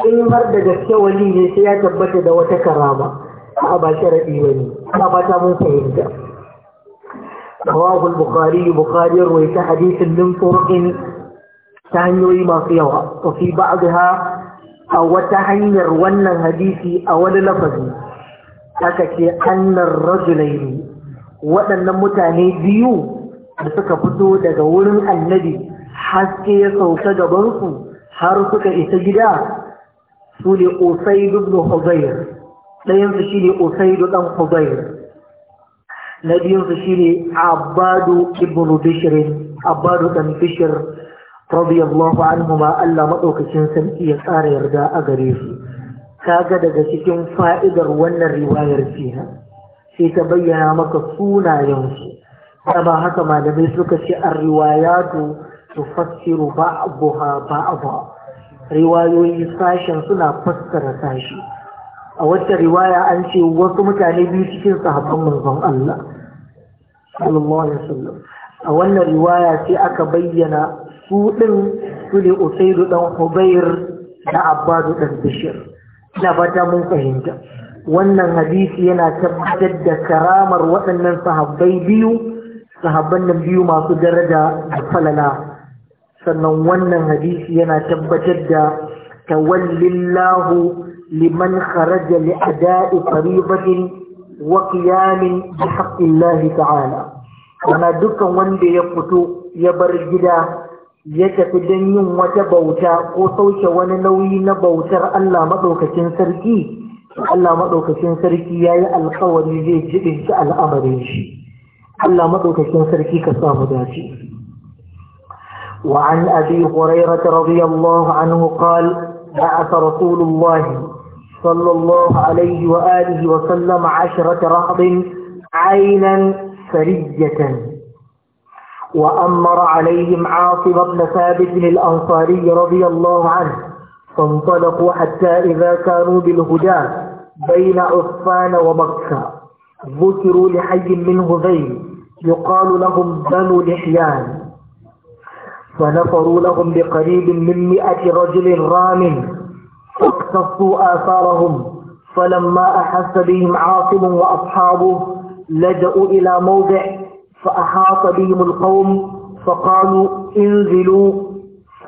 in har daga wali ne sai ya tabbata da wata karama a ba sharafi ba ne ba ba ta mun fahimta rawahul bukhari bukhari ruwaita hadisin din furqin ta hanyoyi masu yawa to fi ba'daha a wata hanyar wannan hadisi a wani lafazi aka ce annar rajulaini waɗannan mutane biyu da suka fito daga wurin annabi haske ya sauka gabansu har suka isa gida su ne osai ibn huzair ɗayansu shi ne osai ɗan huzair na biyunsu shi ne abadu ibn bishirin abadu ɗan bishir radiyallahu anhu ma Allah maɗaukacin sarki ya tsara yarda a gare su ga daga cikin fa'idar wannan riwayar fiye sai ta bayyana maka sunayensu ta ba haka malamai suka ce an to su fassiru ba abuha ba riwayoyi sashen suna fassara sashi a wata riwaya an ce wasu mutane biyu cikin sahabban manzon Allah sallallahu alaihi wasallam a wannan riwaya sai aka bayyana su din su ne Usaidu dan Hubair da Abbadu dan Bishir ina fata mun fahimta wannan hadisi yana tabbatar da karamar waɗannan sahabbai biyu sahabban nan biyu masu daraja da falala sannan wannan hadisi yana tabbatar da tawallillahu liman kharaja li ada'i faribatin wa qiyamin bi haqqillahi ta'ala kana dukkan wanda ya fito ya bar gida ya tafi don yin wata bauta ko sauke wani nauyi na bautar Allah maɗaukacin sarki Allah maɗaukakin sarki ya yi alkawari zai jiɗin shi al'amarin shi. Allah maɗaukakin sarki ka samu dace. وعن أبي هريرة رضي الله عنه قال بعث رسول الله صلى الله عليه وآله وسلم عشرة رهط عينا سرية وأمر عليهم عاصم بن ثابت الأنصاري رضي الله عنه فانطلقوا حتى إذا كانوا بالهدى بين عفان ومكة ذكروا لحي من هذيل يقال لهم بنو لحيان فنفروا لهم بقريب من مئة رجل رام فاقتصوا آثارهم فلما أحس بهم عاصم وأصحابه لجأوا إلى موضع فأحاط بهم القوم فقالوا انزلوا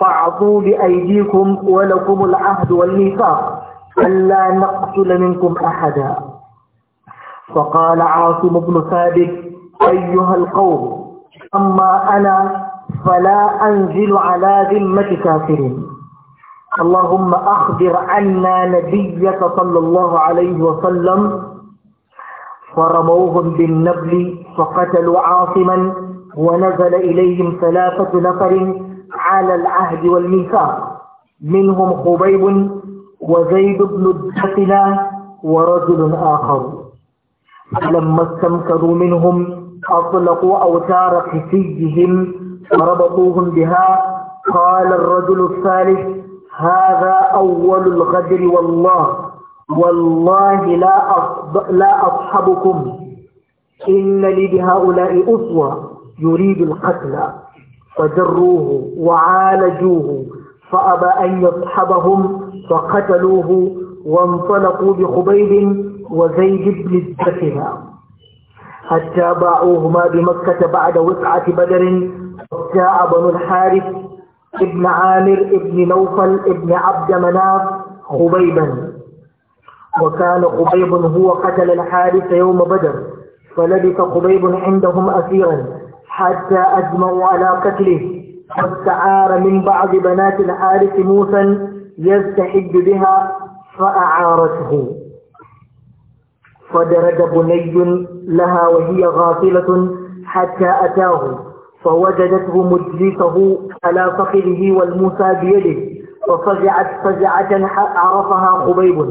فاعطوا بأيديكم ولكم العهد والميثاق ألا نقتل منكم أحدا فقال عاصم بن ثابت أيها القوم أما أنا فلا أنزل على ذمة كافر اللهم أخبر عنا نبيك صلى الله عليه وسلم فرموهم بالنبل فقتلوا عاصما ونزل إليهم ثلاثة نفر على العهد والميثاق منهم خبيب وزيد بن الدخلة ورجل آخر فلما استمكروا منهم أطلقوا أوتار حسيهم فربطوهم بها قال الرجل الثالث هذا أول الغدر والله والله لا لا أصحبكم إن لي بهؤلاء أسوة يريد القتل فجروه وعالجوه فأبى أن يصحبهم فقتلوه وانطلقوا بخبيب وزيد بن الدفنة حتى باعوهما بمكة بعد وقعة بدر جاء بنو الحارث ابن عامر ابن نوفل ابن عبد مناف خبيبا وكان خبيب هو قتل الحارث يوم بدر فلبث خبيب عندهم أسيرا حتى أجمعوا على قتله فاستعار من بعض بنات الحارث موسى يستحج بها فأعارته فدرج بني لها وهي غافلة حتى أتاه فوجدته مجلسه على فخذه والموسى بيده وفزعت فزعة عرفها خبيب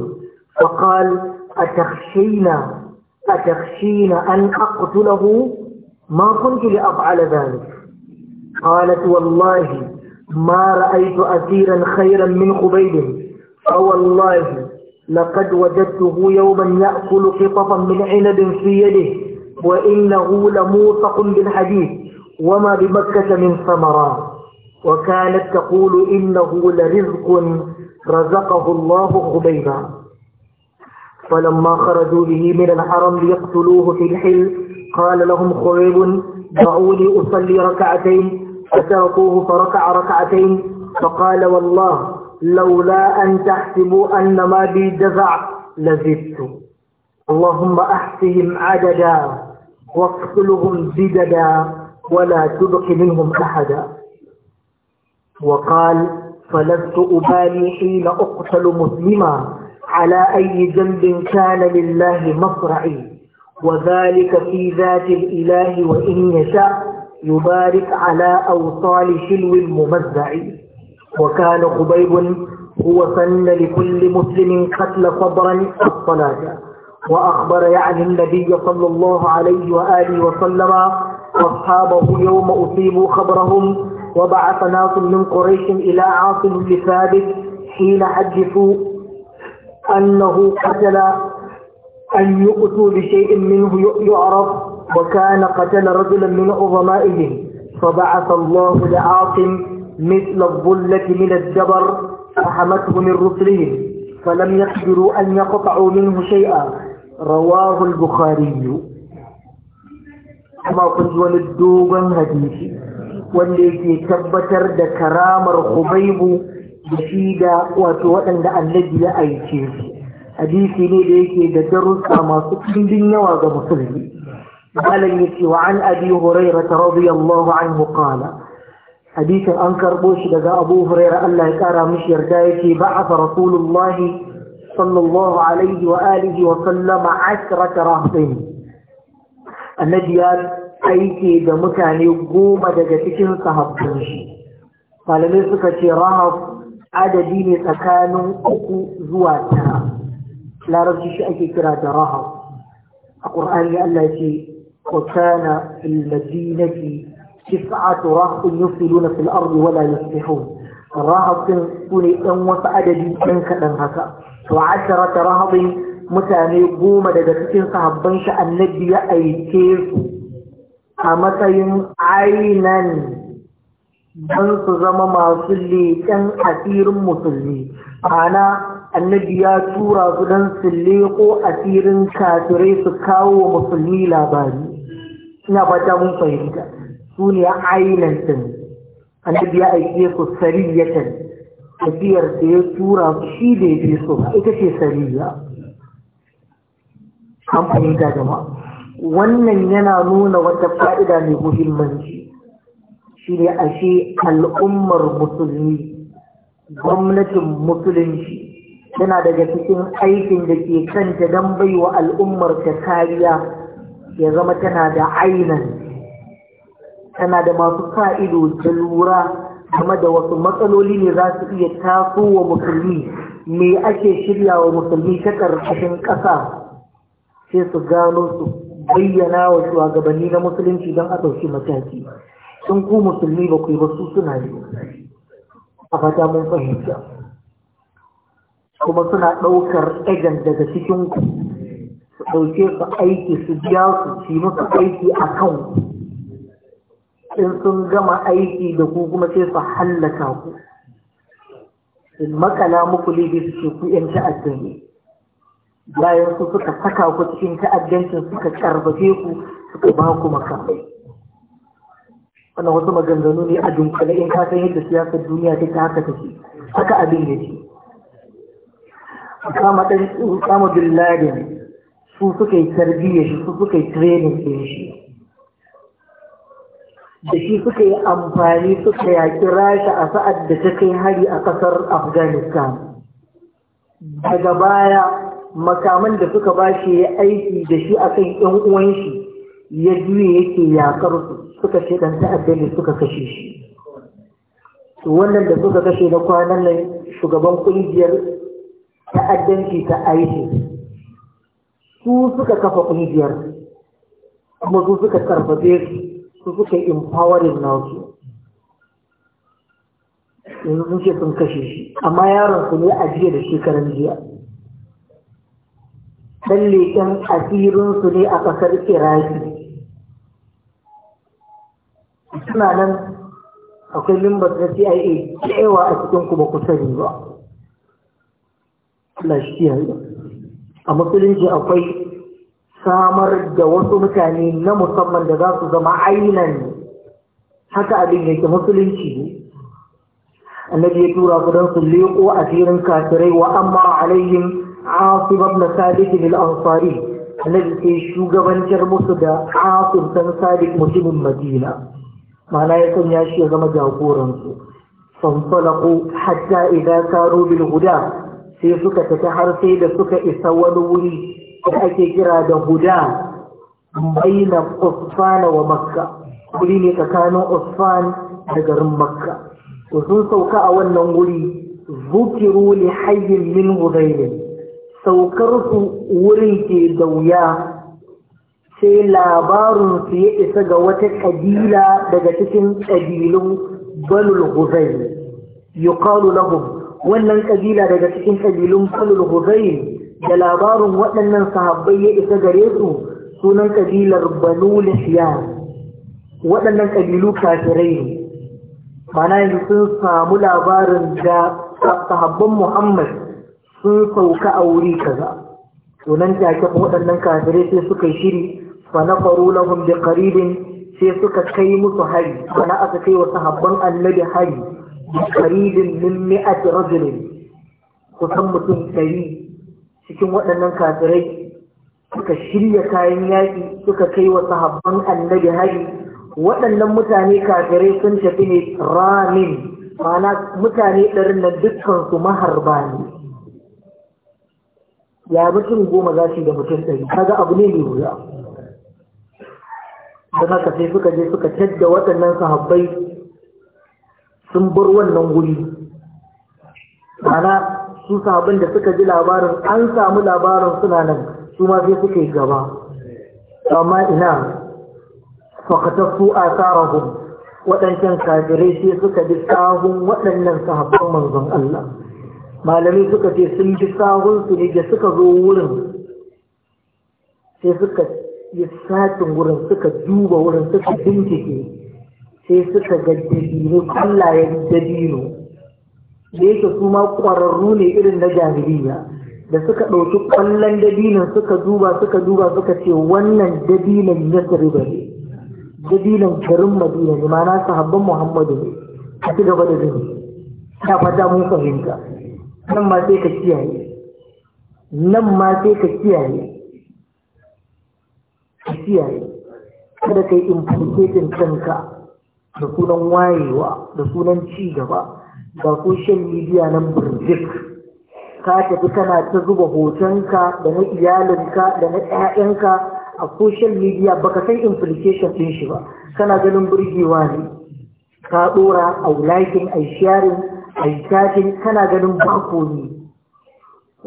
فقال أتخشين أتخشين أن أقتله ما كنت لأفعل ذلك قالت والله ما رأيت أسيرا خيرا من خبيب فوالله لقد وجدته يوما يأكل قطفا من عنب في يده وإنه لموثق بالحديث وما بمكة من ثمرات وكانت تقول إنه لرزق رزقه الله خبيبا فلما خرجوا به من الحرم ليقتلوه في الحلف قال لهم خريب دعوا لي أصلي ركعتين فتركوه فركع ركعتين فقال والله لولا أن تحسبوا أن ما بي جزع لزدت اللهم أحسهم عددا واقتلهم زددا ولا تبق منهم أحدا وقال فلست أبالي حين أقتل مسلما على أي جنب كان لله مصرعي وذلك في ذات الإله وإن يشاء يبارك على أوصال شلو الممزع وكان خبيب هو سن لكل مسلم قتل صبرا الصلاة وأخبر يعني النبي صلى الله عليه وآله وسلم أصحابه يوم أصيبوا خبرهم وبعث ناس من قريش إلى عاصم بن ثابت حين حدثوا أنه قتل أن يؤتوا بشيء منه يعرف وكان قتل رجلا من عظمائهم فبعث الله لعاصم مثل الظلة من الجبر فحمته من رسلهم فلم يقدروا أن يقطعوا منه شيئا رواه البخاري كما قلت ولدوبا هديثي والذي تبتر tabbatar الخبيب بشيدا وتوأن لأن shi أي شيء hadisi ne da yake da darussa masu ɗimbin yawa ga musulmi malam yace wa an abi hurairah radiyallahu anhu qala hadisin an karbo shi daga abu huraira, Allah ya kara mishi yarda yake ba'atha rasulullah sallallahu alaihi wa alihi wa sallama 10 rahtin annabi ya aike da mutane goma daga cikin sahabban shi malamai suka ce rahab adadi ne tsakanin uku zuwa tara larabci shi ake kira da raha a ƙur'ani ya Allah ce kwakana ilmadi na fi ci sa'atu rahun ya filo na fil'arbi wala ya fi hau rahabin su ne ɗan wasu adadi ɗan kaɗan haka to ashara ta rahabin mutane goma daga cikin sahabban shi annabi ya aike su a matsayin ainan don su zama masu leƙen asirin musulmi ana annabi ya tura su don su leko asirin kafirai su kawo wa musulmi labari ina fata mun fahimta su ne ainihin sun annabi ya aike su sariyatan tafiyar da ya tura su shi da ya fi so ita ce sariya an fahimta jama'a wannan yana nuna wata fa'ida mai muhimmanci shi ne ashe al'ummar musulmi gwamnatin musulunci tana daga cikin aikin da ke kanta don bai wa al'ummar ta kariya ya zama tana da ainihin tana da masu ka’ido ta lura game da wasu matsaloli ne za su iya taso wa musulmi me ake shirya wa musulmi ta ƙarƙashin ƙasa sai su gano su bayyana wa shugabanni na musulunci don a ɗauki mataki sun ku musulmi ba ku yi ba su suna ne a fata mun fahimta kuma suna ɗaukar egan daga cikin ku su ɗauke su aiki su biya su ci musu aiki a kan in sun gama aiki da ku kuma sai su hallaka ku in makala muku libi su ce ku yan ta'addan bayan su suka saka ku cikin ta'addancin suka karbace ku suka ba ku makamai wannan wasu maganganu ne a dunkule in ka san yadda siyasar duniya take haka take haka abin yake kama ɗan kama bin laden su suka yi tarbiyyar shi su suka yi training ɗin shi da shi suka yi amfani suka yaƙi rasha a sa'ad da ta kai hari a ƙasar afghanistan daga baya makaman da suka ba shi ya aiki da shi a kan yan uwan shi ya juye yake yaƙar su suka ce ɗan ta'adda ne suka kashe shi wannan da suka kashe na kwanan nan shugaban ƙungiyar ta'addanci ta aiki, su suka kafa ƙungiyar kuma su suka karfafe su suka yi empowering nasu yanzu sun ce sun kashe shi amma yaron su ne a jiya da shekaran jiya ɗan leƙen asirinsu ne a ƙasar iraki suna nan akwai limbar na cia da a cikin ku ba ku sani ba Allah a musulunci akwai samar da wasu mutane na musamman da za su zama ainihin haka abin yake musulunci ne annabi ya tura ku don su leƙo a asirin kafirai wa amma alayhim asib ibn sadiq al ansari annabi sai shugabantar musu da asib dan sadiq mutumin madina ma'ana ya sanya shi ya zama jagoransu fanfalaku hatta idan karo bil guda? sai suka fita har sai da suka isa wani wuri da ake kira da huda baina usfana wa makka wuri ne tsakanin usfan da garin makka sun sauka a wannan wuri zukiru li hayyin min saukarsu wurin ke da wuya sai su ya isa ga wata ƙabila daga cikin ƙabilun banul hudain yuqalu lahum wannan kabila daga cikin kabilun Banul Hudayl da labarin waɗannan sahabbai ya isa gare su sunan kabilar Banu Lihyan waɗannan kabilu kafirai ne mana yanzu sun samu labarin da sahabban Muhammad sun sauka a wuri kaza sunan take waɗannan kafirai sai suka yi shiri fa nafaru lahum bi qaribin sai suka kai musu hari mana aka kai wa sahabban annabi hari qaribin min mi'ati rajulin kusan mutum ɗari cikin waɗannan kafirai suka shirya kayan yaƙi suka kai wa sahabban annabi hari waɗannan mutane kafirai sun tafi ne ramin mana mutane ɗarin na dukkansu maharba ne ya mutum goma za su da mutum ɗari kaga abu ne mai wuya don haka sai suka je suka tadda waɗannan sahabbai sun bar wannan guri mana su sabon da suka ji labarin an samu labarin suna nan su ma sai suka yi gaba amma ina fakatar su a tsarahun waɗancan kafirai sai suka bi sahun waɗannan sahabban manzon Allah Malami suka ce sun bi sahun su ne da suka zo wurin sai suka yi satin wurin suka duba wurin suka bincike sai suka ga dabino kwallayen dabino da yake su ma ƙwararru ne irin na jahiliya da suka ɗauki ƙwallon dabinon suka duba suka duba suka ce wannan dabinon ya riba ne dabinon garin madina ne ma'ana sahabban muhammadu ne a ci gaba da zini ta fata mun fahimta nan ma sai ka kiyaye nan ma sai ka kiyaye ka kiyaye kada ka yi implicating kanka da sunan wayewa da sunan ci gaba ga shan media nan birjik ka tafi kana ta zuba hotonka da na iyalinka da na 'ya'yanka a social media baka san implication ɗin shi ba kana ganin burgewa ne ka ɗora a liking a sharing a chatting kana ganin bako ne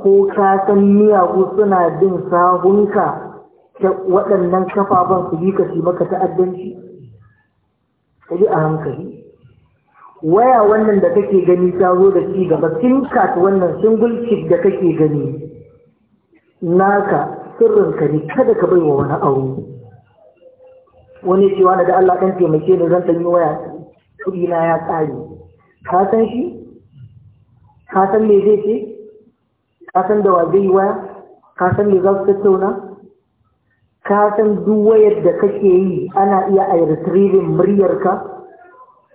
ko ka san miyagu suna bin sahunka ta waɗannan kafafen su yi ka maka ta'addanci ka a hankali waya wannan da kake gani ta zo da ci gaba sim wannan single chip da kake gani naka sirrinka ne kada ka bai wa wani aure wani cewa da Allah ɗan taimake ni zan ɗanyi waya kudi na ya tsari ka san shi ka san me zai ce ka san da wa zai waya ka san me za su tattauna ka san duk wayar da kake yi ana iya a retrieving muryarka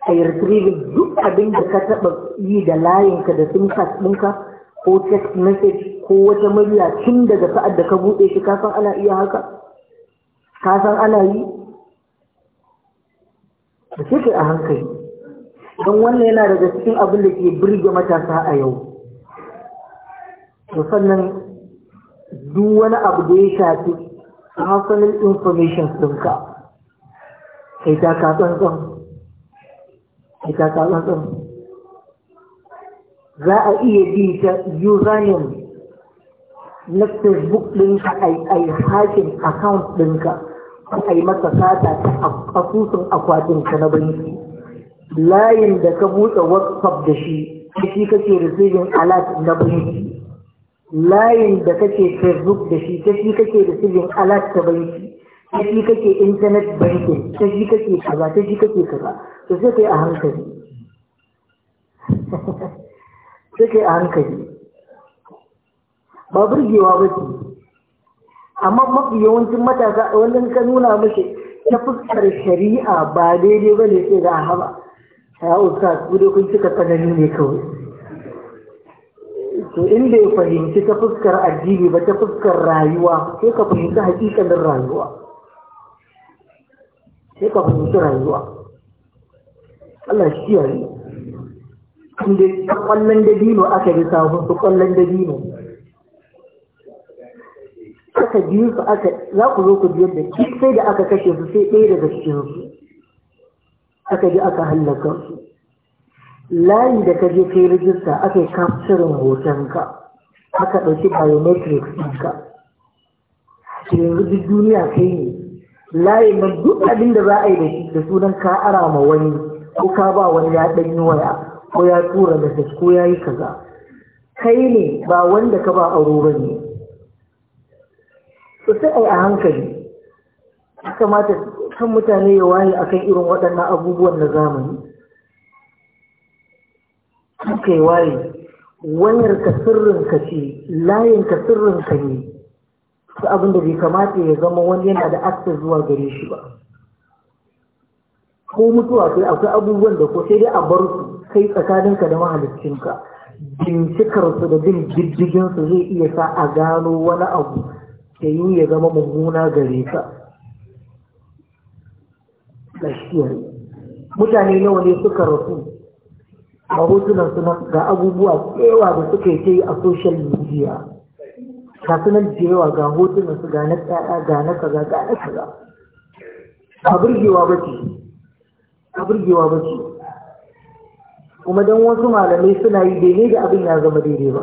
a retrieving duk abin da ka taba yi da layinka da sim card ɗinka ko text message ko wata murya tun daga sa'ad da ka buɗe shi ka san ana iya haka ka san ana yi da ke a hankali don wannan yana daga cikin abin da ke birge matasa a yau to sannan duk wani abu da ya shafi personal information ɗinka kai ta katsantsan sai ta za a iya bi ta username na facebook ɗinka a yi hakin account ɗinka a yi masa sata ta asusun akwatinka na banki layin da ka buɗe whatsapp da shi shi kake receiving alert na banki layin da kake facebook da shi ta shi kake da sirrin alat ta banki ta shi kake internet banki, ta shi kake kaza ta shi kake kaza to sai kai a hankali sai kai a hankali ba burgewa ba ce amma mafi yawancin matasa wannan ka nuna mashi ta fuskar shari'a ba daidai ba ne sai ga haba ya ustaz ku dai kun cika tsanani ne kawai to in ya fahimci ta fuskar addini ba ta fuskar rayuwa sai ka fahimci hakikalin rayuwa sai ka fahimci rayuwa Allah shi ya yi inda ta kwallon dabino aka bi sabon su kwallon dabino aka biyu su aka za ku zo ku biyar da sai da aka kashe su sai ɗaya daga cikin su aka ji aka hallaka su layi da ka je kai rijista aka yi hoton hotonka aka ɗauki biometrics ɗinka yanzu duk duniya kai ne Layi nan duk abin da za a yi da sunan ka ara ma wani ko ka ba wani ya ɗan yi waya ko ya tura da message ko ya yi kaza kai ne ba wanda ka ba ba ne su sai a hankali kamata kan mutane ya waye akan irin waɗannan abubuwan na zamani suka yi waye wayar ka sirrin ka ce layin ka sirrin ka ne su abin da bai kamata ya zama wani yana da aksa zuwa gare shi ba ko mutuwa sai akwai abubuwan da ko sai dai a bar su kai tsakaninka da ka, bincikarsu da bin su zai iya sa a gano wani abu da yi ya zama mummuna gare ka mutane nawa ne suka rasu a hotunan suna ga abubuwa tsewa da suka yi a social media ta sunan da yawa ga hotunan su ga na tsaya ga na kaza ga na kaza a burgewa ba ce a burgewa ba ce kuma don wasu malamai suna yi daidai da abin ya zama daidai ba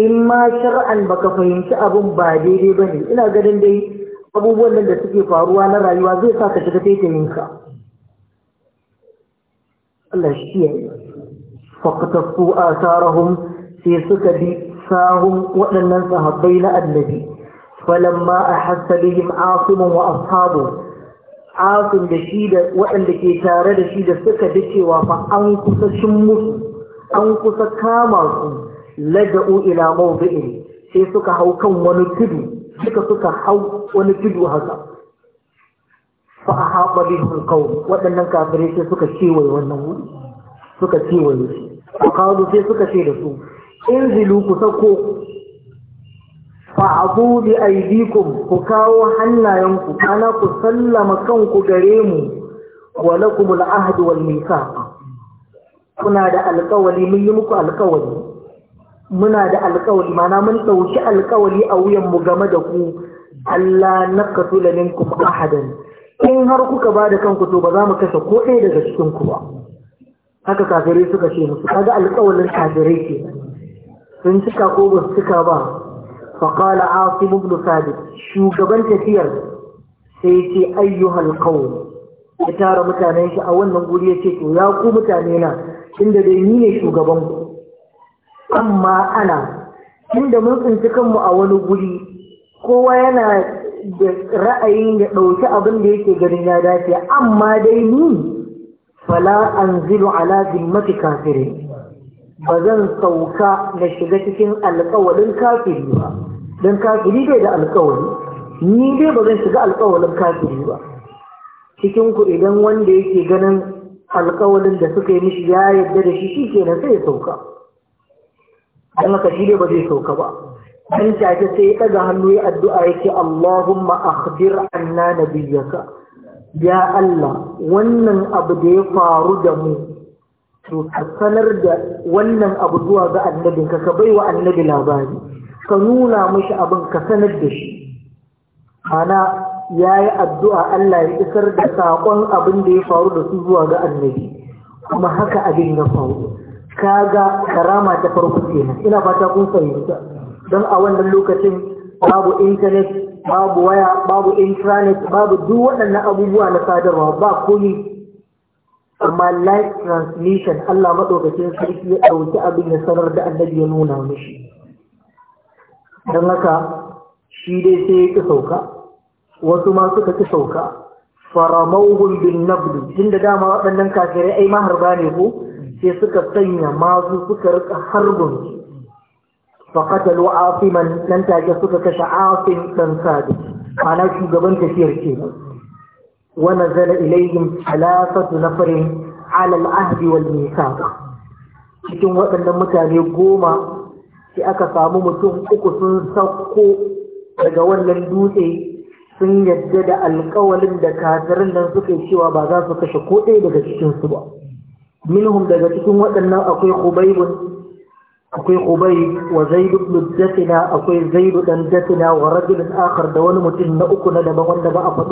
in ma shar'an baka fahimci abin ba daidai ba ne ina ganin dai abubuwan nan da suke faruwa na rayuwa zai sa ka shiga taitayin ka Allah shi ya yi faƙatattu a sarahun sai suka bi sahun waɗannan sahabbai na annabi falamma a hasalihim asimin wa ashabu asim da shi da waɗanda ke tare da shi da suka bi cewa fa an kusa cin musu an kusa kama su laja'u ila mawdi'in sai suka hau kan wani tudu suka suka hau wani tudu haka fa ahaba bihim qaum waɗannan kafirai sai suka kewaye wannan wuri suka kewaye shi a kawo sai suka ce da su in zilu ku sauko fa'abu bi aidikum ku kawo hannayenku ana ku sallama kanku gare mu wa lakum al-ahd wal mithaq kuna da alƙawali mun yi muku alƙawali muna da alƙawali mana mun dauki alƙawali a wuyan mu game da ku Allah na naqtula minkum ahadan in har kuka ba da kanku to ba za mu kashe ko ɗaya daga cikin ku ba haka kafirai suka ce musu kaga alƙawalin kafirai ke sun cika ko ba su cika ba faƙala asim ibn sabit shugaban tafiyar sai ce ayyuhal qawl ya tara mutanen shi a wannan guri ya ce to ya ku mutane na inda dai ni ne shugaban ku amma ana inda mun tsinci kanmu a wani guri kowa yana da ra'ayin ya ɗauki abin da yake ganin ya dace amma dai ni fala anzilu ala zimmati kafirin ba zan sauka na shiga cikin alkawalin kafiri ba don kafiri bai da alƙawari ni dai ba zan shiga alkawalin kafiri ba cikin ku idan wanda yake ganin alkawalin da suka yi mishi ya yarda da shi shi na sai ya sauka don haka shi dai ba zai sauka ba dan take sai ya ɗaga hannu ya addu'a yake Allahumma akhbir anna nabiyyaka ya Allah wannan abu da ya faru da mu to sanar da wannan abu zuwa ga annabin ka ka wa annabi labari ka nuna mishi abin ka sanar da shi ana ya yi addu'a Allah ya isar da saƙon abin da ya faru da su zuwa ga annabi kuma haka abin ya faru kaga karama ta farko kenan ina fata kun fahimta don a wannan lokacin babu intanet babu waya babu intranet babu duk waɗannan abubuwa na sadarwa ba kuni. amma live transmission Allah maɗaukacin sarki ya ɗauki abin ya sanar da annabi ya nuna mishi don haka shi dai sai ya ƙi sauka wasu ma suka ƙi sauka faramauhun bin nabdu tun da dama waɗannan kafirai ai maharba ne ko sai suka sanya masu suka rika harbin فقتلوا عاصما لن تاجسك كشعاصم تنساد أنا شجبان كثير كينا ونزل إليهم ثلاثة نفر على العهد والميثاق cikin waɗannan mutane goma sai aka samu mutum uku sun sauko daga wannan dutse sun yadda da alkawalin da kafirin nan suka yi cewa ba za su kashe ko ɗaya daga cikinsu ba minhum daga cikin waɗannan akwai hubaibun akwai ubai wa Zaidu ibn akwai Zaidu dan Dathina wa rajul akhar da wani mutum na uku na daban wanda ba a